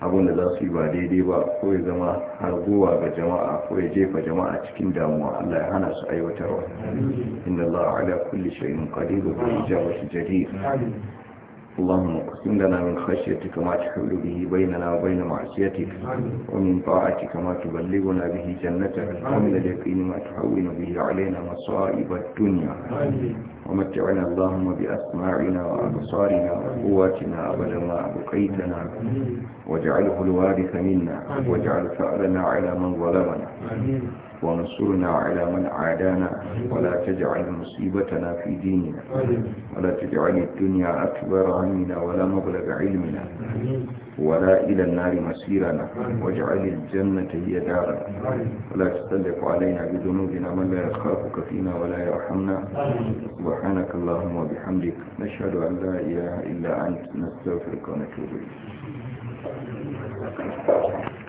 [SPEAKER 1] abin da za su yi ba daidai ba ko ya zama harguwa ga jama'a ko ya jefa jama'a cikin damuwa Allah ya hana su aiwatarwa inda Allah ala kulli shay'in qadir wa ijabatu jadir اللهم اقسم لنا من خشيتك ما تحول به بيننا وبين معصيتك ومن طاعتك ما تبلغنا به جنتك ومن اليقين ما تحول به علينا مصائب الدنيا ومتعنا اللهم بأسماعنا وأبصارنا وقواتنا أبدا ما أبقيتنا واجعله الوارث منا واجعل ثأرنا على من ظلمنا وانصرنا على من عادانا ولا تجعل مصيبتنا في ديننا ولا تجعل الدنيا أكبر همنا ولا مبلغ علمنا ولا إلى النار مسيرنا واجعل الجنة هي دارنا ولا تسلق علينا بذنوبنا من لا يخافك فينا ولا يرحمنا سبحانك اللهم وبحمدك نشهد أن لا إله إلا أنت نستغفرك ونتوب
[SPEAKER 2] إليك